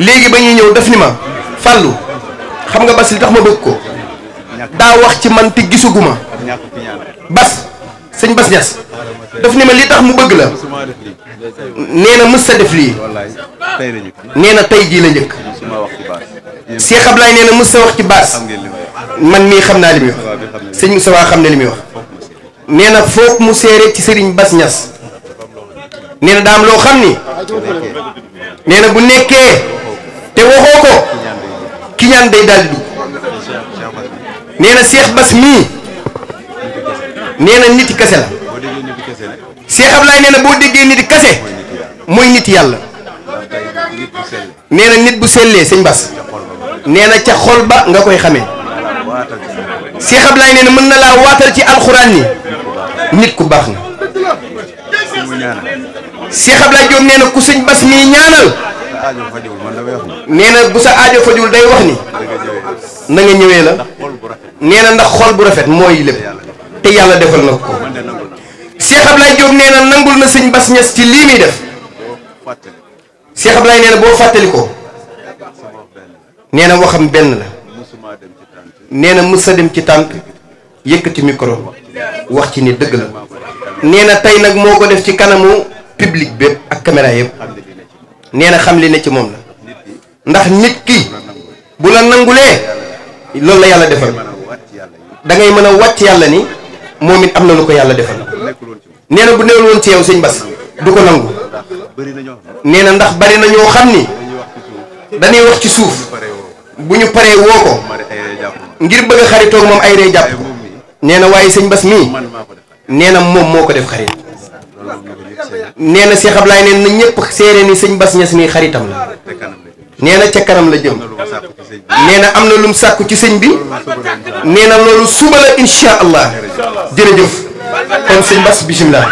léegi ba ñuy ñëw def ni ma fallu xam nga basil tax ma bëgg ko da wax ci man ti gisuguma bas señ bas ñass def ni ma li tax mu bëgg la neena na def li neena na ji la ñëk Cheikh Ablaye neena na wax ci bas man mi xamna limi wax señ wax xamna limi wax neena na mu séré ci señ bas ñass neena na am lo xamni neena bu nekké te waxoo ko ki ñaan day daal di dugg nee na Cheikh Bass mii nee na nit kese la Cheikh Ablaye nee na boo déggee nit kese mooy nit yàlla nee na nit bu sellee sëñ bas nee na ca xol ba nga koy xamee Cheikh Ablaye nee mën na laa waatal ci alxuraan ni nit ku baax na Cheikh Ablaye Diop nee na ku sëñ Bass mii ñaanal. aajo fajul man bu sa aajo fajul day wax ni. na nga ñëwee la. nee ndax xol bu rafet mooy lépp. te yàlla defal na ko. Cheikh Ablaye Diop nee na nangul na sëñ Bass Niass ci lii muy def. Cheikh Ablaye nee na boo fàttali ko. nee na waxam benn la. nee na mës a dem ci tànt yëkkati micro wax ci ni dëgg la. nee na tey nag moo ko def ci kanamu public bépp ak caméra yëpp. nee na xam li ne ci moom la ndax nit ki bu la nangulee loolu la yàlla defal da ngay mën a wàcc yàlla ni moom it am na lu ko yàlla defal nee na bu newul woon ci yow sëñ Bass du ko nangu nee na ndax bari na ñoo xam ni dañuy wax ci suuf bu ñu paree woo ko ngir bëgg a xaritoog moom ay ree jàpp nee na waaye sëñ Bass mii nee na moom moo ko def xarit nee na Cheikh Ablaye nee na ñëpp seere ni sëñ Bass Niass nii xaritam la nee na ca kanam la jëm nee na am na lu mu sàkku ci sëñ bi nee na loolu suba la incha allah jërëjëf kon sëñ Bass bisimilah.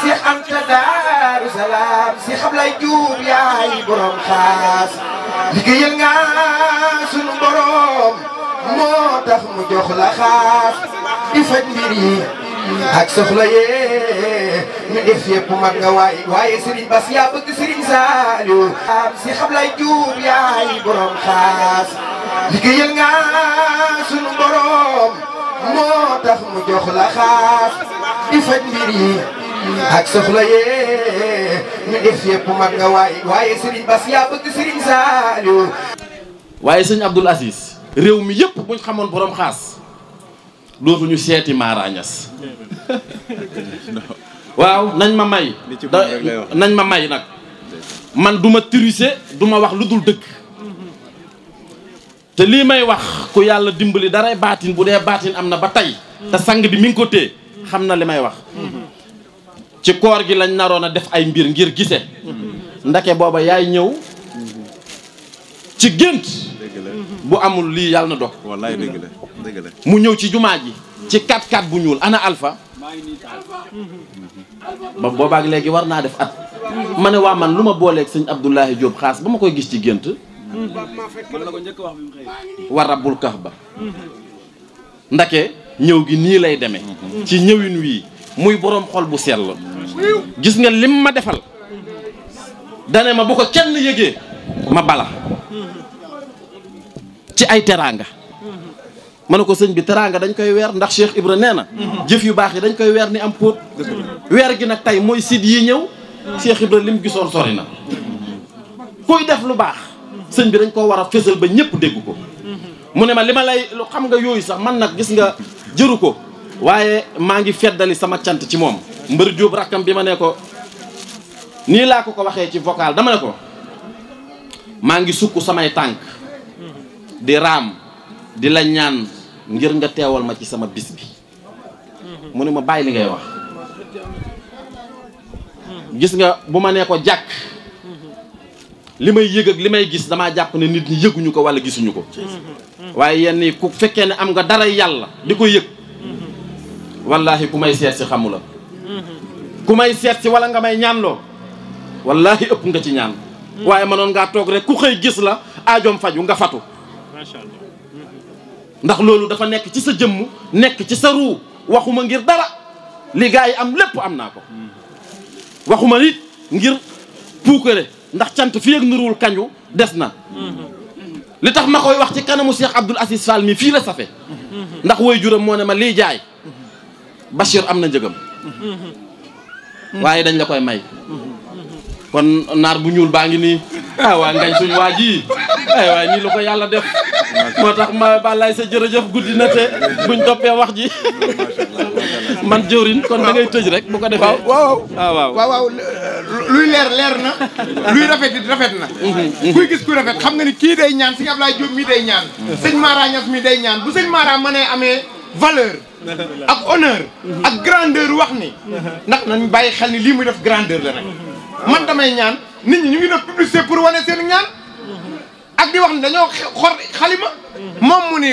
si am ta daaru salaam si xam juub yaay borom xaas liggéeyal nga sunu borom moo tax mu jox la xaas di faj mbir yi ak soxla yee ñu def yëpp mag nga waaye waaye Serigne Bass yaa bëgg Serigne Saliou am si xam lay juub yaay borom xaas liggéeyal nga sunu borom moo tax mu jox la xaas di faj mbir ak soxla yee ñu def yëpp mag nga waaye waaye Serigne Bass yaa bëgg Serigne Saliou. Aziz. réew mi yëpp buñ xamoon borom xaas dootuñu seeti maaraañas waaw nañ ma may. Ya. nañ ma may nag. man duma tricher duma wax lu dul dëgg. te lii may wax ku yàlla dimbali daray batin bu dee baatin am ba sang bi mi ngi ko may wax ci koor gi lañ narona def ay mbir ngir gise ndaké boba yaay ñew ci gënt bu amul li yàlla na dox wallahi deug la deug la mu ñew ci jumaa ji ci 4-4 bu ñuul ana alpha ba boba ak war warna def at mané ne man luma bolé ak seigne abdullah Diop khas bama koy gis ci gënt wa rabbul kahba ndaké ñew gi ni lay démé ci ñewin wi muy borom xol bu sel gis nga lim ma defal dane ma bu ko kenn yëgee ma bala ci ay teranga ma ne ko sëñ bi teranga dañ koy weer ndax Cheikh Ibra nee jëf yu bax yi dañ koy weer ni am pot gi nak tay moy sid yi ñew Cheikh Ibra lim gisoon sori na def lu bax sëñ bi dañ ko wara fessel ba ñepp dégg ko mu lima ma li lay xam nga yooyu sax man nak gis nga jëru ko waaye maa ngi feddali sama tiant ci mom mbeur jóob rakam bima ne ko ni la ko ko waxe ci vocal dama ne ko mangi sukku samay tank di ram di la ñaan ngir nga teewal ma ci sama bis bi mune ma bay li ngay wax gis nga lima ne ko jak limay yeg ak limay gis dama japp ne nit ñi yëguñu ko walla gisuñu ko waaye yenn ku fekke ne am nga dara yalla di yeg wallahi kumay sét ci xamula ku may seet si wala nga may ñaan ñaanloo wallahi ëpp nga ci ñaan mm. waaye mënoon ngaa toog rek ku xëy gis la ajoom faju nga fatu mm-hmm. ndax loolu dafa nekk ci sa jëmm nekk ci sa ruu waxuma ngir dara li yi am lépp am naa ko mm-hmm. waxuma nit ngir puukare ndax cant fi ak nuruwul kañu des na mm-hmm. li tax ma koy wax ci kanamu Cheikh Abdoul Aziz Fall mi fii la safe ndax woy juram moo ne ma lii jaay Bachir am na njëgam Mm-hmm. waaye dañ la koy may kon naar bu ñuul baa ngi nii ah waa ngañ suñu waa ji ay eh, waay nii lu ko yàlla def moo tax ma bàllaay sa jërëjëf guddi na te buñ toppee wax ji man jëwrin kon da ngay tëj rek bu ko defee ah, waaw waaw waaw luy leer leer na luy rafet it rafet na mm-hmm. kuy gis ku rafet xam nga ni kii day ñaan sëñ Ablaye Diop mii day ñaan mm-hmm. sëñ Mara Niass mii day ñaan bu sëñ Mara mënee amee valeur ak honneur ak grandeur wax ni ndax nañ bàyyi xel ni lii muy def grandeur la nag man damay ñaan nit ñi ñu ngi def publicité pour wane seen ñaan ak di wax ni dañoo xor xalima moom mu ni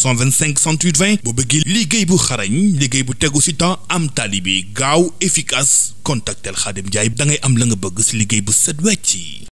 325 68 20 boo bëggee liggéey bu xarañ liggéey bu tegu ci temps am taalibe gaaw efficace contactel Xaadim Njaay da ngay am la nga bëgg ci liggéey bu set wecc